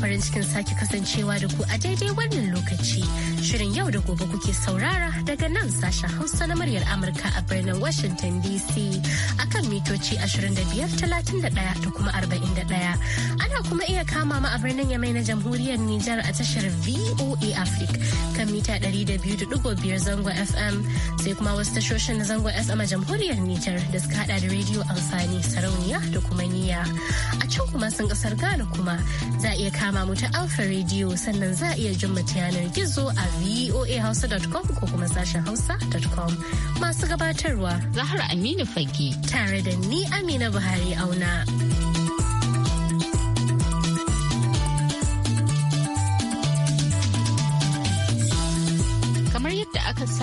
farin cikin sake kasancewa da ku a daidai wannan lokaci. Shirin yau da gobe kuke saurara daga nan sashen Hausa na muryar Amurka a birnin Washington DC akan mitoci 25,31 da kuma 41. Ana kuma iya kama ma a birnin Yamai na Jamhuriyar Nijar a tashar VOA Africa kan mita 200.5 zango FM sai kuma wasu tashoshin na zango FM a Jamhuriyar Nijar da suka hada da rediyo amfani sarauniya da kuma niyya. A can kuma sun kasar Ghana kuma za a iya kama mu ta Alfa Radio sannan za a iya jin mu ta yanar gizo a voahausa.com ko kuma sashen hausa.com. Masu gabatarwa zahar Aminu Fage tare da ni Amina Buhari auna.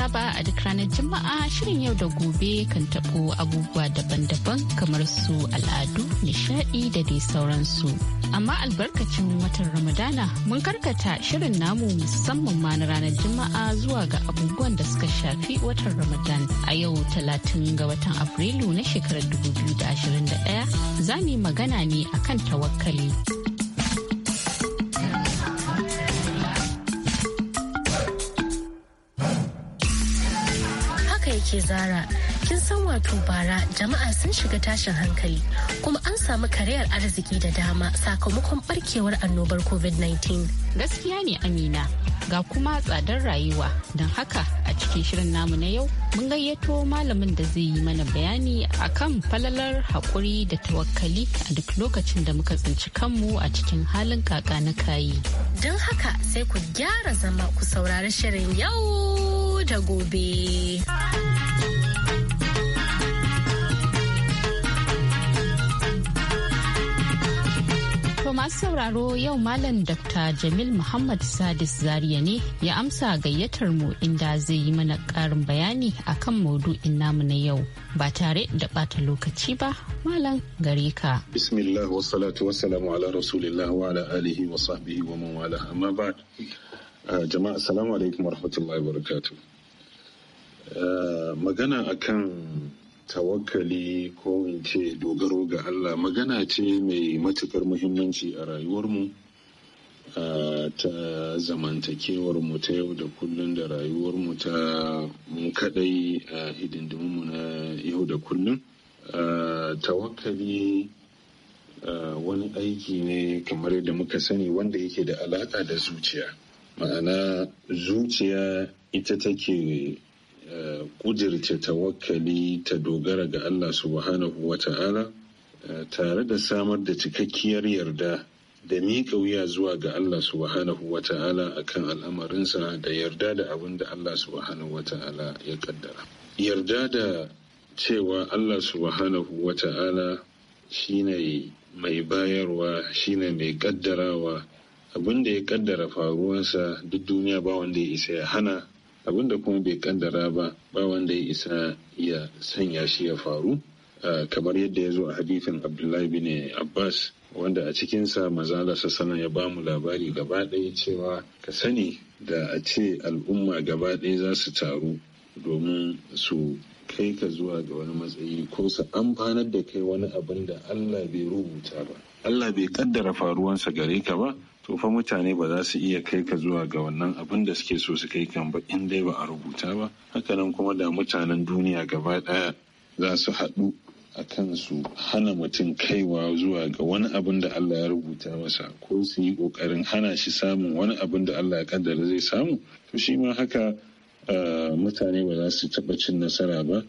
saba a duk ranar Juma'a shirin yau da gobe kan taɓo abubuwa daban-daban kamar su al'adu, nishadi da dai sauransu. Amma albarkacin watan Ramadana mun karkata shirin namu musamman ma na ranar Juma'a zuwa ga abubuwan da suka shafi watan Ramadan a yau talatin ga watan Afrilu na shekarar 2021 za mu yi magana ne akan tawakkali. ke zara kin san wato bara jama'a sun shiga tashin hankali kuma an samu kariyar arziki da dama sakamakon barkewar annobar covid-19 gaskiya ne amina ga kuma tsadar rayuwa don haka a cikin shirin namu na yau mun gayyato malamin da zai yi mana bayani a kan falalar haƙuri da tawakkali a duk lokacin da muka tsinci kanmu a cikin halin kaka na kayi don haka sai ku gyara zama ku saurari shirin yau da gobe. To masu sauraro yau Malam Dr. Jamil Muhammad Sadis Zaria ne ya amsa gayyatar mu inda zai yi mana karin bayani akan maudu'in namu na yau ba tare da bata lokaci ba Malam gare ka. Bismillah wassalatu wassalamu ala rasulillah wa ala alihi wa sahbihi wa man wala amma ba uh, jama'a assalamu alaikum warahmatullahi wabarakatuh. Uh, magana akan tawakkali ko in ce dogaro ga Allah magana ce mai matukar muhimmanci a rayuwarmu ta zamantakewarmu ta yau da kullum da rayuwarmu ta mun kadai a hidindimunmu na yau da kullum tawakkali wani aiki ne kamar yadda muka sani wanda yake da alaka da zuciya ma'ana zuciya ita take kudirce tawakkali ta dogara ga Allah subhanahu wa ta'ala eh, tare da samar da cikakkiyar yarda da miƙa wuya zuwa ga Allah subhanahu wa ta'ala a kan al'amarinsa da yarda da abin da Allah subhanahu wa ta'ala ya kaddara. Yarda da cewa Allah subhanahu wa ta'ala shi ne mai bayarwa shi ne mai kaddarawa abin da ya kaddara faruwarsa duk duniya ba wanda ya isa ya hana abun da kuma bai kandara ba ba wanda ya isa ya sanya shi ya faru kamar yadda ya zo a hadithin abdullahi bin abbas wanda a cikinsa mazala sassanan ya bamu labari gaba ɗaya cewa ka sani da a ce al'umma gaba ɗaya za su taru domin su kai ka zuwa ga wani matsayi ko su amfanar da kai wani abin da allah bai rubuta ba Allah bai kaddara faruwansa gare ka ba to fa mutane ba za su iya kai ka zuwa ga wannan abin da suke so su kai kan ba in dai ba a rubuta ba hakanan kuma da mutanen duniya gaba daya za su haɗu a kan su hana mutum kaiwa zuwa ga wani abin da Allah ya rubuta masa ko su yi ƙoƙarin hana shi samun wani abin da Allah ya kaddara zai samu to shi ma haka ah, mutane ba za su taɓa cin nasara ba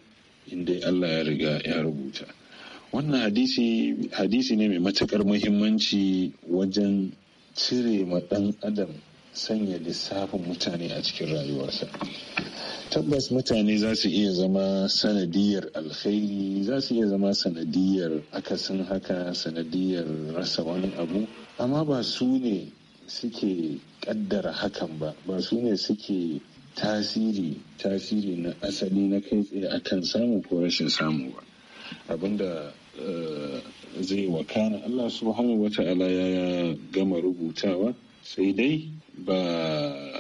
in dai Allah ya riga ya rubuta. wannan hadisi hadisi ne mai matukar muhimmanci wajen cire ma adam sanya lissafin mutane a cikin rayuwarsa tabbas mutane za su iya zama sanadiyar alkhairi za su iya zama sanadiyar akasin haka sanadiyar rasa wani abu amma ba su ne suke kaddara hakan ba ba su ne suke tasiri tasiri na asali na kai tsaye akan samu ko rashin samu ba abinda Eh, zai wakana Allah subhanahu wa ta'ala ya gama rubutawa sai dai ba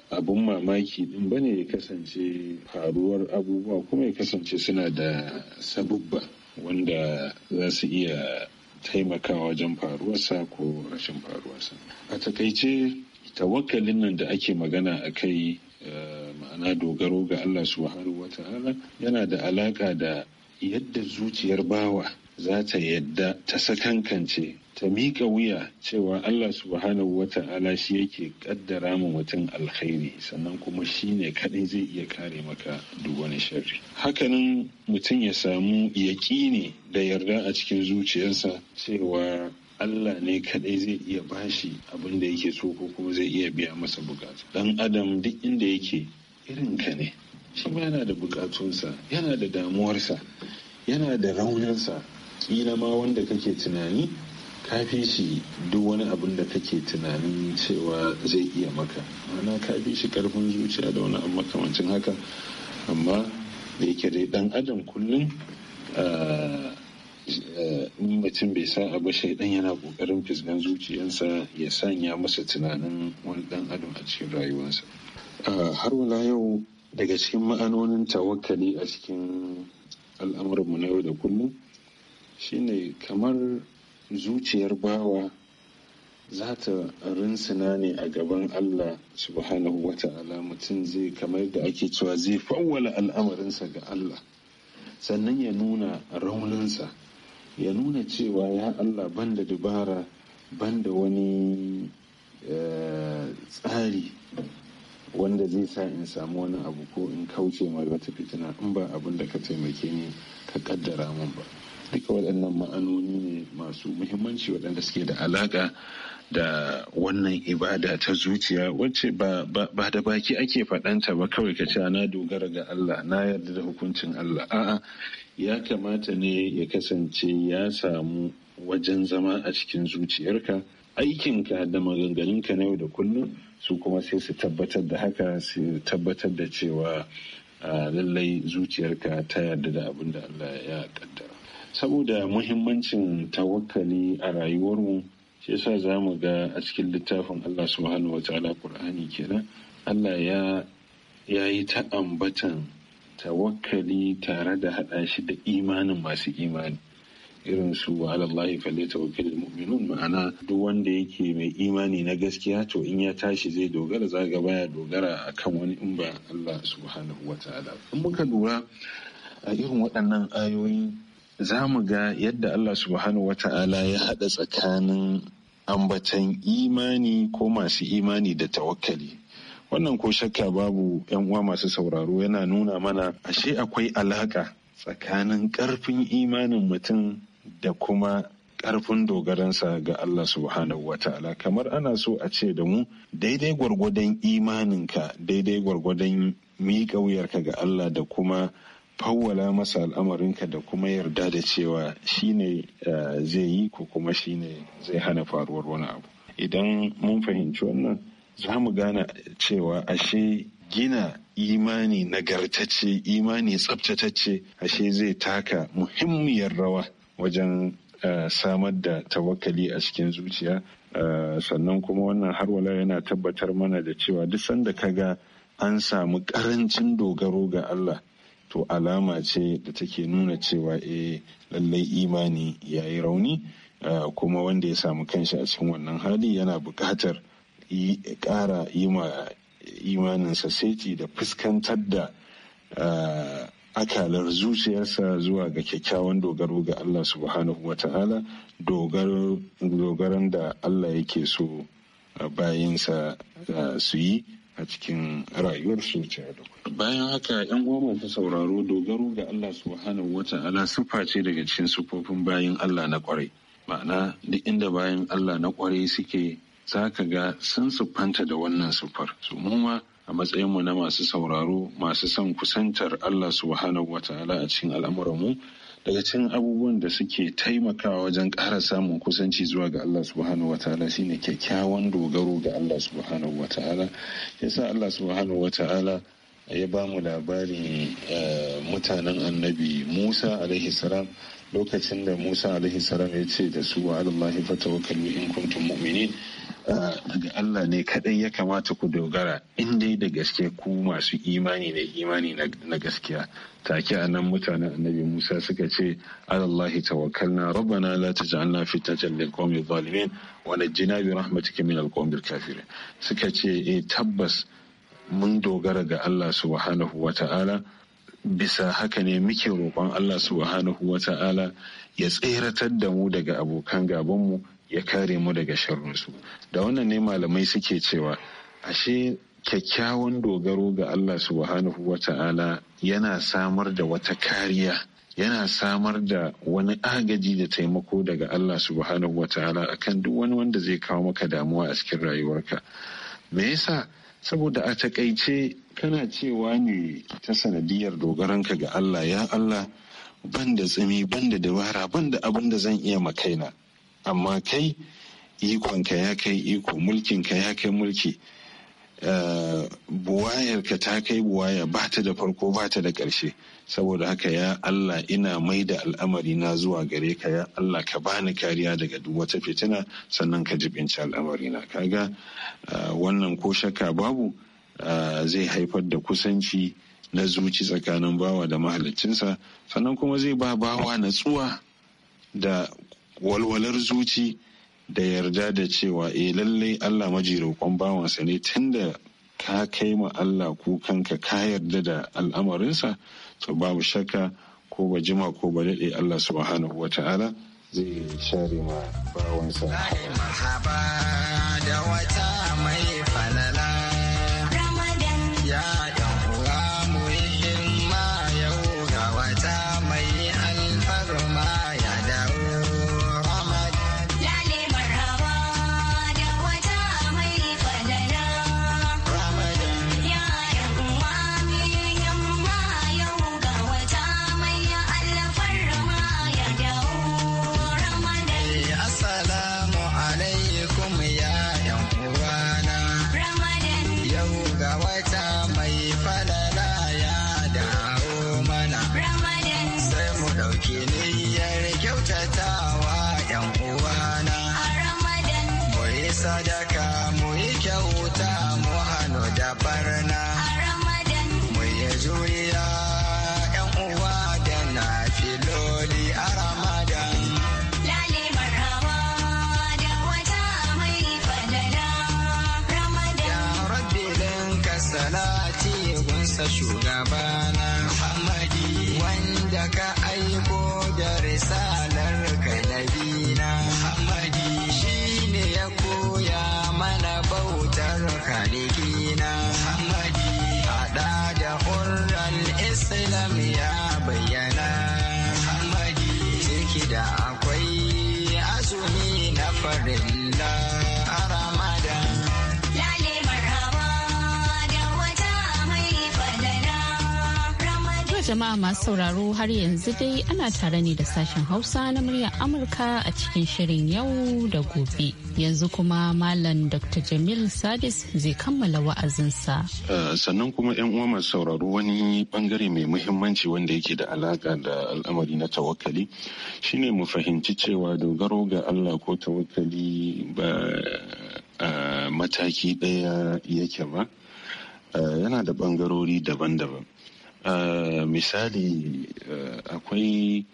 abun mamaki din ba ne ya kasance faruwar abubuwa kuma ya kasance suna da sabubba wanda za su iya taimakawa wajen faruwarsa ko rashin faruwarsa a takaice tawakkalin nan da ake magana a kai eh, ma'ana dogaro ga Allah subhanahu wa ta'ala yana da alaka da yadda zuciyar bawa za ta yadda ta sakankance ta miƙa wuya cewa Allah subhanahu wa ta'ala shi yake kaddara mu mutum alkhairi sannan kuma shi ne kaɗai zai iya kare maka duk wani sharri hakanan mutum ya samu yaƙini da yarda a cikin zuciyarsa cewa Allah ne kadai zai iya bashi abin da yake so ko kuma zai iya biya masa bukatu. Dan Adam duk inda yake irin ka ne. Shi ma yana da bukatunsa, yana da damuwarsa, yana da raunarsa. kila ma wanda kake tunani fi shi duk wani abin da kake tunanin cewa zai iya maka ana fi shi karfin zuciya da wani abu makamancin haka amma da yake dai dan adam kullum in mutum bai sa abu shaidan yana kokarin fisgan zuciyarsa ya sanya masa tunanin wani dan adam a cikin rayuwarsa har wala yau daga cikin ma'anonin tawakali a cikin al'amuranmu na yau da kullum shine kamar zuciyar bawa za ta rinsuna ne a gaban Allah subhanahu wa ta'ala mutum zai kamar da ake cewa zai fawwala al'amarinsa ga Allah sannan ya nuna sa ya nuna cewa ya Allah banda dubara banda wani eh, tsari wanda zai sa in samu wani abu ko in kauce mai wata fitina in ba abin da ka taimake ni ka kaddara min ba duka waɗannan ma'anoni ne masu muhimmanci waɗanda suke da alaƙa da wannan ibada ta zuciya wacce ba da baki ake faɗanta ba kawai ka cewa na dogara ga Allah na yarda da hukuncin Allah a'a ya kamata ne ya kasance ya samu wajen zama a cikin zuciyarka aikinka da maganganunka na yau da kullum su kuma sai su tabbatar da haka su tabbatar da cewa ah, lallai zuciyarka ta yarda da abin da Allah ya kaddara saboda muhimmancin tawakkali a rayuwarmu shi yasa za mu ga a cikin littafin Allah subhanahu wa ta'ala Qur'ani kenan Allah ya ya yi ta ambatan tawakkali tare da haɗa shi da imanin masu imani irin su wa alallahi falle mu'minun ma'ana duk wanda yake mai imani na gaskiya to in ya tashi zai dogara za ga baya dogara akan wani in ba Allah subhanahu wa ta'ala in muka lura a irin waɗannan ayoyin za mu ga yadda Allah subhanahu wa ta'ala ya haɗa tsakanin ambatan imani ko masu imani da tawakkali wannan ko shakka babu yan uwa masu sauraro yana nuna mana ashe akwai alaƙa tsakanin ƙarfin imanin mutum da kuma ƙarfin dogaransa ga Allah subhanahu wa ta'ala kamar ana so a ce da mu daidai gwargwadon imaninka daidai gwargwadon miƙa wuyarka ga Allah da kuma fawwala masa al'amarinka da kuma yarda da cewa shine eh, zai yi ko kuma shine zai hana faruwar wani abu idan mun fahimci wannan za mu gane cewa ashe gina imani nagartacce imani tsabtatacce ashe zai taka muhimmiyar rawa wajen eh, samar da tawakali a cikin zuciya eh, sannan kuma wannan harwala yana tabbatar mana da cewa duk sanda ka ga an samu karancin dogaro ga Allah to alama ce da take nuna cewa e lallai imani ya yi rauni eh, kuma wanda ya samu kanshi a cikin wannan hali yana buƙatar ƙara yi ma imaninsa saiti da fuskantar da eh, akalar zuciyarsa zuwa ga kyakkyawan dogaro ga Allah subhanahu wa ta'ala dogaron da Allah yake so bayinsa su yi a cikin rayuwarsu ta Bayan haka ‘yan goma ta sauraro dogaro ga Allah subhanahu wata ta'ala siffa ce daga cikin siffofin bayan Allah na kwarai. Ma'ana duk inda bayan Allah na kwarai suke za ga sun sufanta da wannan siffar. Su ma a matsayinmu na masu sauraro masu son kusantar Allah subhanahu wata ala a cikin al'amuranmu daga cikin abubuwan da suke taimakawa wajen ƙara samun kusanci zuwa ga Allah subhanahu wa ta'ala shine kyakkyawan dogaro ga Allah subhanahu wa ta'ala yasa Allah subhanahu wa ta'ala ya ba mu labarin eh, mutanen annabi Musa alaihi salam lokacin da Musa alaihi salam ya ce da su wa Allah tawakkalu in kuntum mu'minin daga ah, Allah ne kaɗai ya kamata ku dogara in dai da gaske ku masu imani ne imani na gaskiya take a nan mutanen annabi Musa suka ce alallahi tawakkalna rabbana la taj'alna fitnatan lilqawmi zalimin wa najjina bi rahmatika min alqawmi kafirin suka ce e tabbas mun dogara ga Allah subhanahu wata'ala bisa haka ne muke roƙon Allah subhanahu wata'ala ya tseratar da mu daga abokan gabanmu ya kare mu daga sharrinsu da wannan ne malamai suke cewa ashe kyakkyawan dogaro ga Allah subhanahu wa ta'ala yana samar da wata kariya yana samar da wani agaji da taimako daga Allah subhanahu wa ta'ala a kan duk wani wanda zai kawo maka damuwa a cikin rayuwarka me yasa saboda a takaice kana cewa ne ta sanadiyar dogaranka ga Allah ya Allah ban da tsimi ban da dabara ban da abin da zan iya makaina amma kai ikonka ya kai iko mulkinka ya kai mulki eh, buwayarka ta kai buwaya ba ta da farko ba ta da ƙarshe saboda haka ya Allah ina mai da al'amari na zuwa gare ka ya Allah ka bani kariya daga duk wata fitina sannan ka jibinci al'amari na kaga eh, wannan ko shakka babu eh, zai haifar da kusanci na zuci tsakanin bawa da mahaliccinsa sannan kuma zai ba bawa natsuwa da walwalar zuci da yarda da cewa eh lallai Allah maji roƙon bawansa ne tunda ka kai ma Allah kukanka ka yarda da al'amarinsa to babu shakka ko ba jima ko ba daɗe Allah subhanahu wa ta'ala zai share ma bawansa. da mai kuma masu sauraro har yanzu dai ana tare ne da sashen hausa na muryar amurka a cikin shirin yau da gobe yanzu kuma malam dr jamil sadis zai kammala wa'azinsa eh, sannan kuma yan uwa masu sauraro wani bangare mai muhimmanci wanda yake da alaka da al'amari na tawakkali shine mu fahimci cewa dogaro ga allah ko tawakali ba mataki ɗaya yake ba eh, yana da bangarori daban-daban Eh, misali eh, akwai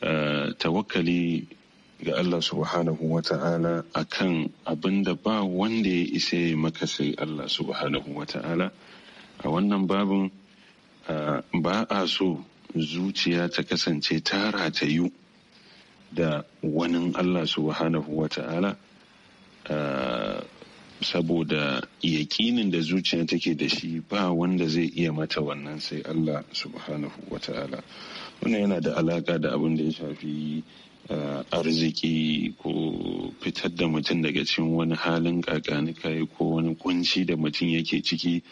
eh, tawakkali ga Allah subhanahu wa ta'ala a kan abin da ba wanda ya isa maka sai Allah subhanahu wa ta'ala a wannan babin ba a so zuciya ta kasance ta ratayu da wani Allah subhanahu wa ta'ala saboda yakinin da zuciya take da shi ba wanda zai iya mata wannan sai Allah subhanahu wa ta'ala wannan yana da alaka da abin da ya shafi eh, arziki ko fitar da mutum daga cikin wani halin kakanika ko wani kunci da mutum yake ciki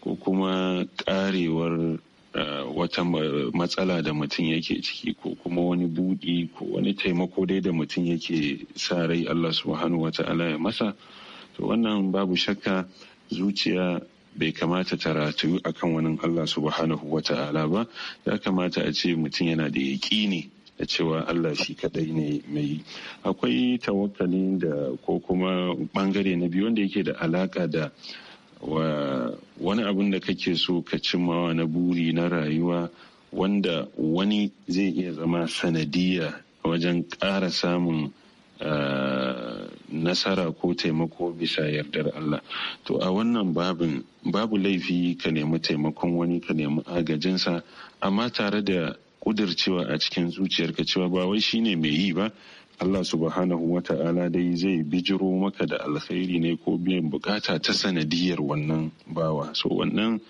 ko kuma karewar eh, wata matsala da mutum yake ciki ko kuma wani buɗi ko wani taimako dai da mutum yake sa rai Allah subhanahu ta'ala ya masa to wannan babu shakka zuciya bai kamata ta ratayu kan wani Allah subhanahu wa ta'ala ba ya kamata a ce mutum yana da ne da cewa Allah shi kadai ne mai akwai tawakkali da ko kuma bangare na biyu wanda yake da alaka da wani abin da kake so ka cimmawa na buri na rayuwa wanda wani zai iya zama sanadiya wajen ƙara samun ah, nasara ko taimako bisa yardar Allah to a wannan babin babu laifi ka nemi taimakon wani ka nemi agajinsa amma tare da kudircewa a cikin zuciyarka cewa ba wai shine mai yi ba Allah subhanahu wa ta'ala dai zai bijiro maka da alkhairi ne ko biyan bukata ta sanadiyar wannan bawa so wannan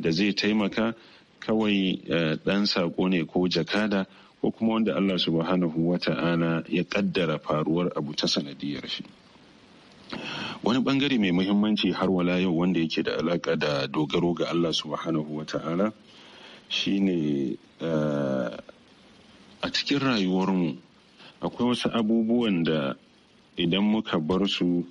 da zai taimaka kawai dan eh, sako ne ko jakada ko kuma wanda Allah subhanahu wa ta'ala ya kaddara faruwar abu ta sanadiyar shi wani bangare mai muhimmanci har wala yau wanda yake da alaka da dogaro ga Allah subhanahu wa ta'ala shine eh, a cikin rayuwarmu akwai wasu abubuwan da idan muka bar su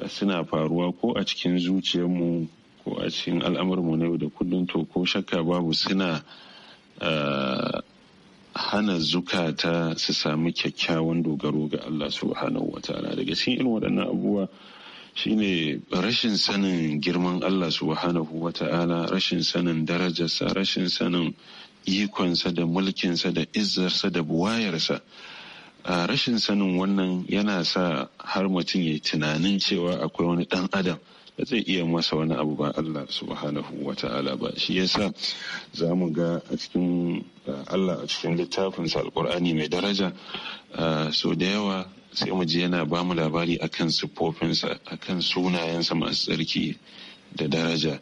eh, suna faruwa ko a cikin zuciyarmu ko a cikin al'amarmu na yau da kullum to ko shakka babu suna eh, hana zukata su sami kyakkyawan dogaro ga Allah subhanahu wa ta'ala daga cikin irin waɗannan abubuwa shine rashin sanin girman Allah subhanahu wa ta'ala rashin sanin darajarsa rashin sanin ikonsa da mulkinsa da izzarsa da buwayarsa rashin sanin wannan yana sa har mutum ya tunanin cewa akwai wani ɗan adam ba zai iya masa wani abu ba Allah subhanahu wa ta'ala ba shi yasa za mu ga a cikin eh, Allah a cikin littafinsa alkur'ani mai daraja eh, so da yawa sai mu ji yana ba mu labari akan siffofinsa akan sunayensa masu tsarki da daraja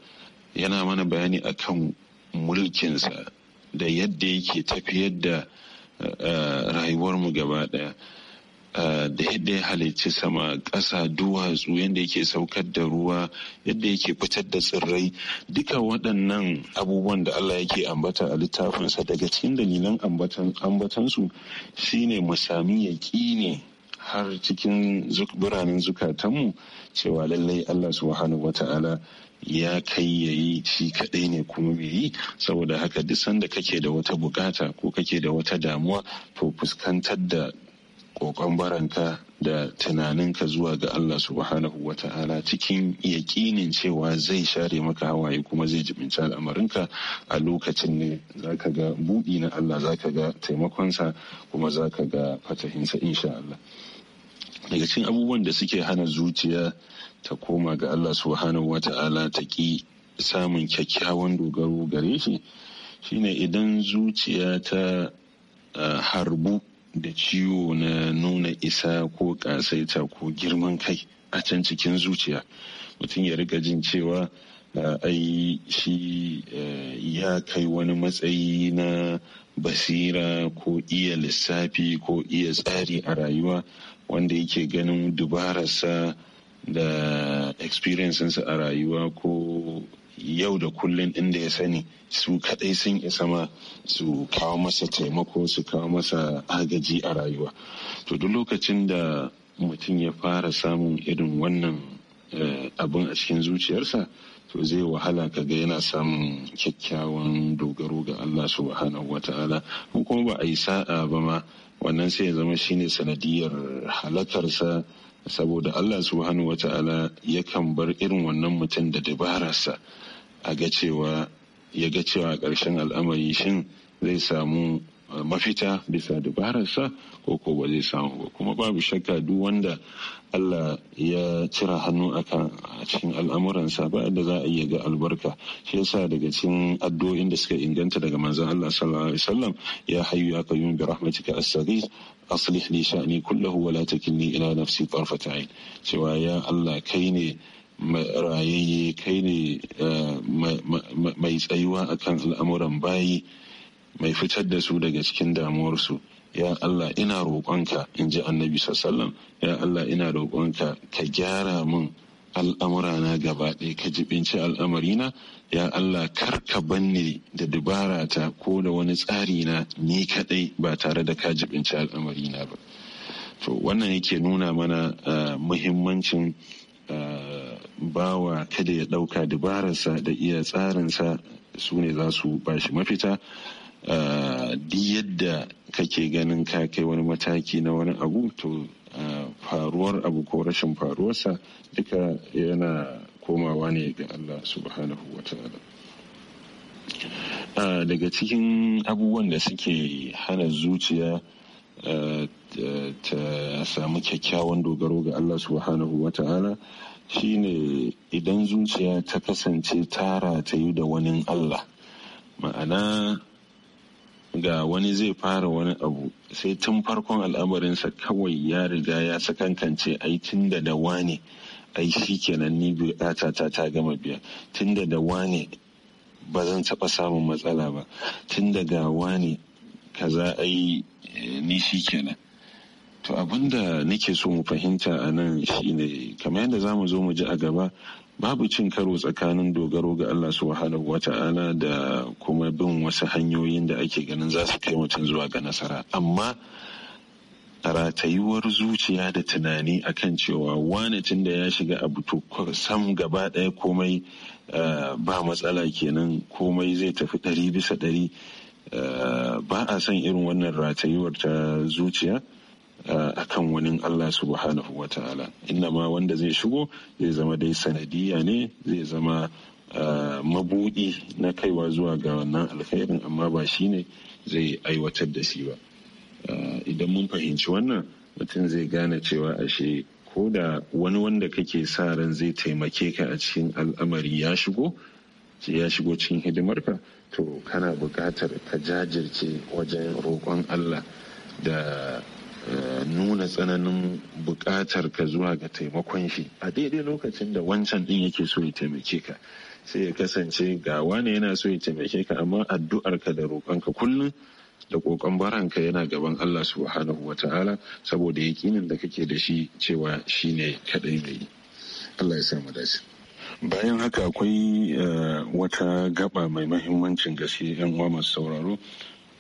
yana mana bayani akan mulkinsa da yadda yake tafiyar da eh, rayuwarmu gaba ɗaya Eh, da yadda ya halicci sama ƙasa duwatsu yadda yake saukar da ruwa yadda yake fitar da tsirrai duka waɗannan abubuwan da Allah yake ambata a littafinsa daga cikin dalilan ambatansu shine mu sami yaƙini har cikin biranen zukatanmu cewa lallai Allah su subhanahu wata'ala ya kai ya yi shi kaɗai ne kuma bai yi saboda haka duk sanda kake da wata bukata ko kake da wata damuwa to fuskantar da kokon baranka da tunaninka zuwa ga Allah subhanahu wa ta'ala cikin yakinin cewa zai share maka hawaye kuma zai jibinci al'amarinka a lokacin ne zaka ga buɗi na Allah zaka ga taimakonsa kuma zaka ga fatahinsa insha Allah daga cikin abubuwan da suke hana zuciya ta koma ga Allah subhanahu wa ta'ala ta ki samun kyakkyawan dogaro gare shi shine idan zuciya ta ah, harbu da ciwo na nuna isa ko kasaita ko girman kai a can cikin zuciya mutum ya rika jin cewa eh, ai shi eh, ya kai wani matsayi na basira ko iya lissafi ko iya tsari a rayuwa wanda yake ganin dubararsa da experiencinsa a rayuwa ko yau da kullum inda ya sani su kadai sun isa ma su kawo masa taimako su kawo masa agaji a rayuwa to duk lokacin da mutum ya fara samun irin wannan eh, abin a cikin zuciyarsa to zai wahala kaga yana samun kyakkyawan dogaro ga Allah subhanahu ta'ala ko kuma ba a yi sa'a ba ma wannan sai ya zama shine sanadiyar halakarsa saboda Allah subhanahu wata'ala yakan bar irin wannan mutum da dabararsa a ga cewa ya ga cewa ƙarshen al'amari shin zai samu uh, mafita bisa dabararsa ko ko ba zai samu ba kuma babu shakka duk wanda Allah ya cira hannu a cikin al'amuransa ba da za a iya ga albarka shi yasa daga cikin addu'o'in da suka inganta daga manzon Allah sallallahu alaihi wasallam ya hayyu ya qayyum bi rahmatika as-saghir aslih li sha'ni kullahu wa la takilni ila nafsi tarfata'in cewa ya Allah kai ne rayayye kai ne eh, mai tsayuwa akan al'amuran bayi mai fitar da su daga cikin damuwarsu ya Allah ina roƙonka in ji annabi sallam ya Allah ina roƙonka ka gyara min al'amurana gaba ɗaya ka jibinci al'amarina ya Allah kar ka banni da dubara ta ko da wani tsari na ni kaɗai ba tare da ka jibinci al'amarina ba to wannan yake nuna mana eh, muhimmancin bawa kada ya ɗauka dabararsa da iya tsarinsa su ne za su bashi mafita ah, duk yadda kake ganin ka kai wani mataki na wani abu to ah, faruwar abu ko rashin faruwarsa duka yana komawa ne ga Allah subhanahu wa ta'ala ah, daga cikin abubuwan da suke hana zuciya ta samu kyakkyawan dogaro ga Allah subhanahu wa ta'ala shine idan zuciya ta kasance tara ta yi da wani Allah ma'ana ga wani zai fara wani abu sai tun farkon al'amarinsa kawai ya riga ya sakankance ai tun da dawa ne ai shi kenan ni ta ta gama biya tun da dawa ne ba zan taɓa samun matsala ba tun da gawa ne a ai eh, ni shi kenan To abin da nake so mu fahimta a nan shine kamar yadda za mu zo mu ji a gaba babu cin karo tsakanin dogaro ga Allah su subhanahu wa ta'ala da kuma bin wasu hanyoyin da ake ganin za su kai mutum zuwa ga nasara amma ratayuwar zuciya da tunani akan cewa wane tun da ya shiga abu to sam gaba ɗaya komai eh, ba matsala kenan komai zai tafi ɗari bisa ɗari eh, ba a son irin wannan ratayuwar ta zuciya a akan wani Allah subhanahu wa ta'ala inna ma wanda zai shigo zai zama dai sanadiyya ne zai zama mabuɗi na kaiwa zuwa ga wannan alkhairin amma ba shi ne zai aiwatar da shi ba idan mun fahimci wannan mutum zai gane cewa ashe ko da wani wanda kake sa ran zai taimake ka a cikin al'amari ya shigo ya shigo cikin hidimarka to kana buƙatar ka jajirce wajen roƙon Allah da nuna tsananin buƙatar ka zuwa ga taimakon shi a daidai lokacin da wancan ɗin yake so ya taimake ka sai ya kasance ga wane yana so ya taimake ka amma addu'arka da roƙonka kullum da ƙoƙon baranka yana gaban Allah subhanahu wa ta'ala saboda yaƙinin da kake da shi cewa shi ne kaɗai mai Allah ya samu dace. bayan haka akwai eh, wata gaba mai mahimmancin gaske yan uwa masu sauraro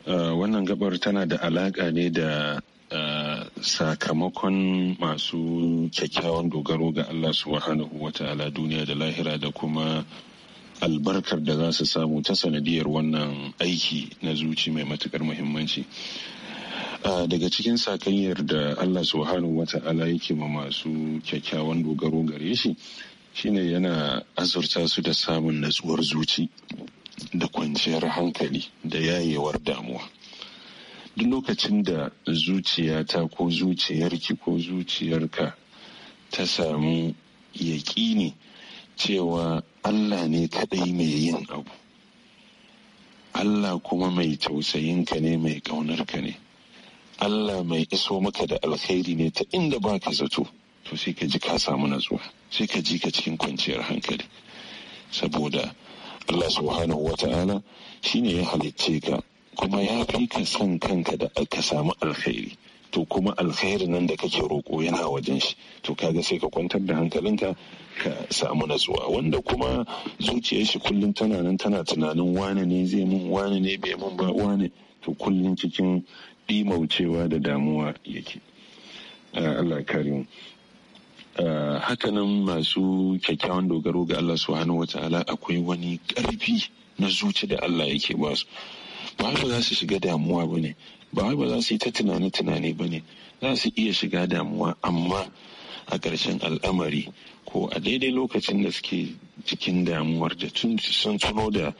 eh, wannan gabar tana da alaƙa ne da Eh, sakamakon masu kyakkyawan dogaro ga Allah subhanahu wa ta'ala duniya da lahira da kuma albarkar da za su samu ta sanadiyar wannan aiki na zuci mai matukar muhimmanci eh, daga cikin sakayyar da Allah subhanahu wa ta'ala yake ma masu kyakkyawan dogaro gare shi shine yana azurta su da samun natsuwar zuci da kwanciyar hankali da yayewar damuwa duk lokacin da zuciyata ko zuciyarki ko zuciyarka ta samu yaƙini cewa Allah ne kaɗai mai yin abu Allah kuma mai tausayinka ne mai ƙaunarka ne Allah mai iso maka da alkhairi ne ta inda ba ka zato to sai ka ji ka samu natsuwa sai ka ji ka cikin kwanciyar hankali saboda Allah subhanahu wa ta'ala shine ya halicce ka kuma ya fi ka son kanka da ka samu alkhairi to kuma alkhairi nan da kake roƙo yana wajen shi to kaga sai ka kwantar da hankalinka ka samu natsuwa wanda kuma zuciyar shi kullum tana nan tana tunanin wane ne zai mun wane ne bai mun ba wane to kullum cikin ɗimaucewa da damuwa yake ah, Allah karim ah, hakanan masu kyakkyawan dogaro ga Allah subhanahu wataala akwai wani ƙarfi na zuci da Allah yake ba su ba wai za su shiga damuwa ba ne ba wai za su yi ta tunane-tunane ba ne za su iya shiga damuwa amma a ƙarshen al'amari ko a daidai lokacin da suke cikin damuwar da tun sun tuno da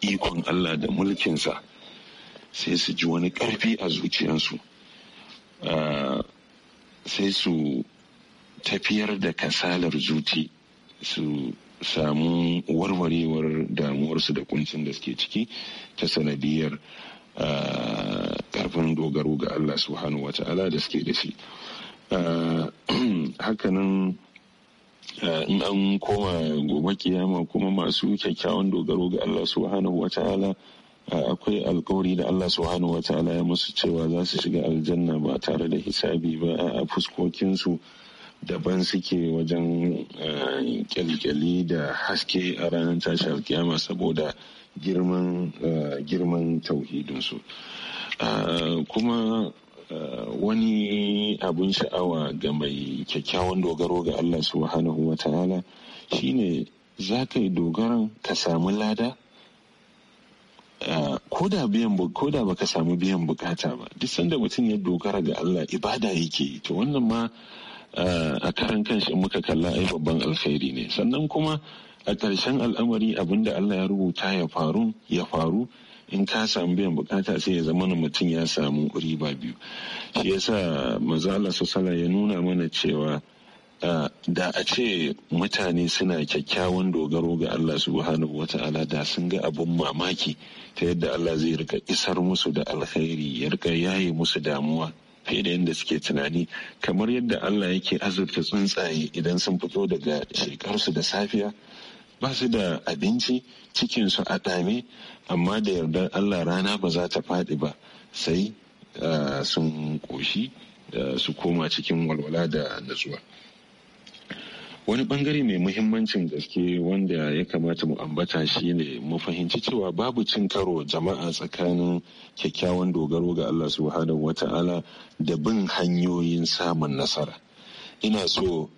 ikon Allah da mulkinsa sai su ji wani ƙarfi a zuciyarsu ah, sai su tafiyar da kasalar zuci su samu warwarewar damuwarsu da kuncin da suke ciki ta sanadiyar karfin ah, dogaro ga Allah subhanahu wa ta'ala da suke da shi ah, hakanan ah, in an koma gobe kiyama kuma masu kyakkyawan dogaro ga Allah subhanahu wa ta'ala akwai alkawari da Allah subhanahu wa ta'ala ya musu cewa za su shiga aljanna ba tare da hisabi ba a fuskokinsu daban suke wajen eh, kyalkyali da haske a ranar tashi alkiyama saboda girman eh, girman tauhidinsu eh, kuma wani abin sha'awa ga mai kyakkyawan dogaro ga Allah subhanahu wa ta'ala shine za ka yi dogaron ka samu lada ko da baka samu biyan bukata ba duk sanda mutum ya dogara ga Allah ibada yake to wannan ma Eh, a karan kanshi in muka kalla ai babban alkhairi ne sannan kuma a ƙarshen al'amari abinda Allah ya rubuta ya faru ya faru in ka samu biyan bukata sai ya zama mutum ya samu riba biyu shi yasa maza Allah sala ya nuna mana cewa eh, da a ce mutane suna kyakkyawan dogaro ga Allah subhanahu wa ta'ala da sun ga abun mamaki ta yadda Allah zai rika isar musu da alkhairi ya rika yaye musu damuwa fedayen da suke tunani kamar yadda Allah yake azurta tsuntsaye idan sun fito daga shekarsu da safiya ba su da abinci cikinsu a dame amma da yardar Allah rana ba za ta faɗi ba sai ah, sun koshi ah, su koma cikin walwala da natsuwa. wani bangare mai muhimmancin gaske wanda ya kamata mu ambata shine mu fahimci cewa babu cin karo jama'a tsakanin kyakkyawan dogaro ga Allah subhanahu wata'ala da bin hanyoyin samun nasara ina so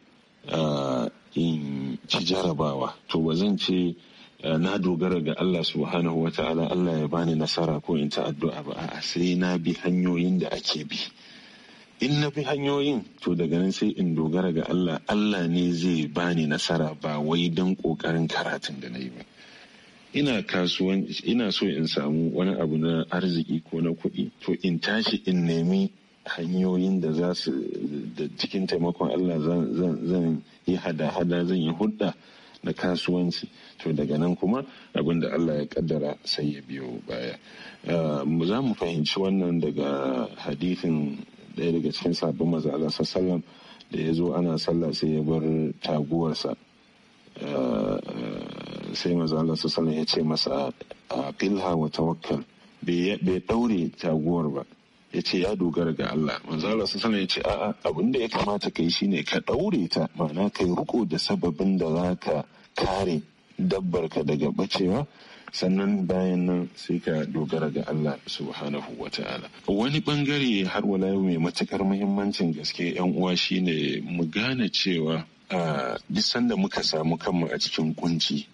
ah, in ci jarabawa to ba zan ce ah, na dogara ga Allah subhanahu wata'ala Allah ya bani nasara ko in ta addu'a ba a'a sai na bi hanyoyin da ake bi in na fi hanyoyin to daga nan sai in dogara ga Allah Allah ne zai bani nasara ba wai don kokarin karatun da na yi ba ina kasuwan ina so in samu wani abu na arziki ko na kuɗi to in tashi in nemi hanyoyin da za su da cikin taimakon Allah zan yi hada-hada zan yi hudda na kasuwanci to daga nan kuma abin da Allah ya kaddara sai ya biyo baya eh, za mu fahimci wannan daga hadithin ɗaya daga cikin sabbin maza sallam da ya zo ana sallah sai ya bar taguwarsa eh, sai maza Allah sallam ya ce masa a filha wa tawakkal bai ɗaure taguwar ba ya ce ya dogara ga Allah manzala su sana ya ce a'a abin da ya kamata kai shine ka ɗaure ta ma'ana kai ruko da sababin da za ka kare dabbarka daga bacewa sannan bayan nan sai ka dogara ga Allah subhanahu wa ta'ala wani bangare har wala yau mai matukar muhimmancin gaske yan uwa shine mu gane cewa a duk sanda muka samu kanmu a cikin kunci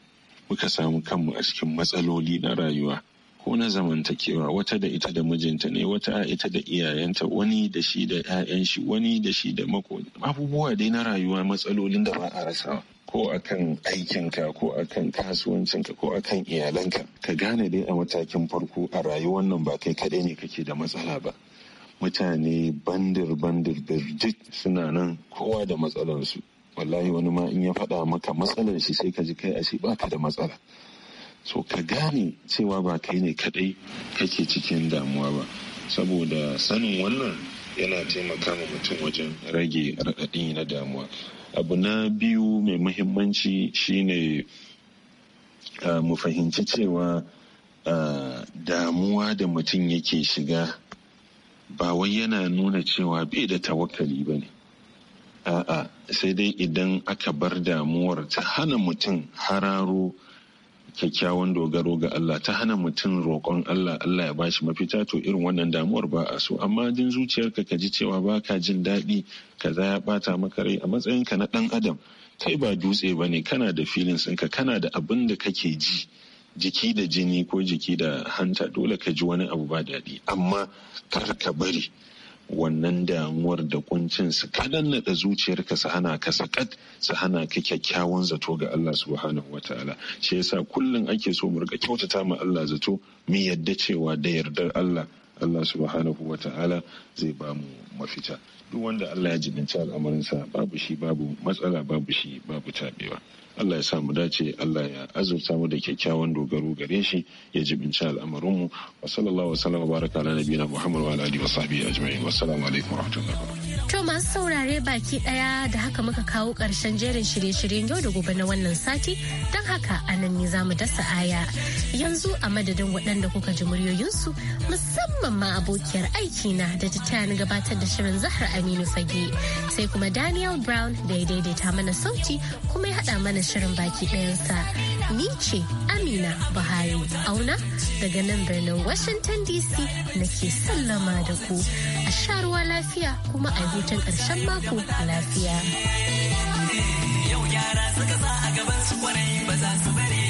muka samu kanmu a cikin matsaloli na rayuwa ko na zamantakewa wata da ita da mijinta ne wata a ita da iyayenta wani da shi da 'ya'yan shi wani da shi da mako abubuwa dai na rayuwa matsalolin da ba a rasawa ko akan aikinka ko akan kasuwancinka ko akan iyalanka ka gane dai a matakin farko a rayuwar nan ba kai kaɗai ne kake da matsala ba mutane bandir bandir birjit suna nan kowa da matsalarsu wallahi wani ma in ya faɗa maka matsalar shi sai ka ji kai ashe baka da matsala so ka gane cewa ba kai ne kaɗai kake cikin damuwa ba saboda sanin wannan yana taimaka ma mutum wajen rage raɗaɗi na damuwa abu na biyu mai muhimmanci shine ah, mu fahimci cewa ah, damuwa da mutum yake shiga ba wai yana nuna cewa bai da tawakali ba ne a'a sai dai idan aka bar damuwar ta hana mutum hararo kyakkyawan dogaro ga Allah ta hana mutum roƙon Allah Allah ya bashi mafita to irin wannan damuwar ba a so amma jin zuciyarka ka ji cewa ba ka jin daɗi kaza ya ɓata maka rai a matsayinka na ɗan adam kai ba dutse ba ne kana da filin ɗinka kana da abin da kake ji jiki da jini ko jiki da hanta dole ka ji wani abu ba daɗi amma kar ka bari wannan damuwar da kuncin su kadan nada zuciyarka su hana ka sakat su hana ka kyakkyawan zato ga Allah subhanahu wataala shi yasa kullum ake so mu rika kyautata ma Allah zato mu yarda cewa da yardar Allah Allah subhanahu wataala zai ba mu mafita duk wanda Allah ya jibinci al'amarinsa babu shi babu matsala babu shi babu tabewa Allah ya sa mu dace Allah ya azurta mu da kyakkyawan dogaro gare shi ya jibinci al'amarinmu wa sallallahu wa wa baraka ala nabiyina Muhammad wa alihi wa sahbihi ajma'in wa assalamu alaikum wa rahmatullahi wa to masu saurare baki daya da haka muka kawo karshen jerin shirye-shiryen yau da gobe na wannan sati don haka a nan ne za mu dasa aya yanzu a madadin waɗanda kuka ji muryoyinsu musamman ma abokiyar aiki na da ta gabatar da da shirin Zahra Aminu Fage sai kuma Daniel Brown da ya daidaita mana sauti kuma ya haɗa mana shirin baki ɗayansa. Ni ce Amina Buhari auna daga nan birnin Washington DC nake sallama da ku a sharuwa lafiya kuma a hutun ƙarshen mako lafiya. Yau yara suka sa a gaban su kwarai ba za su bari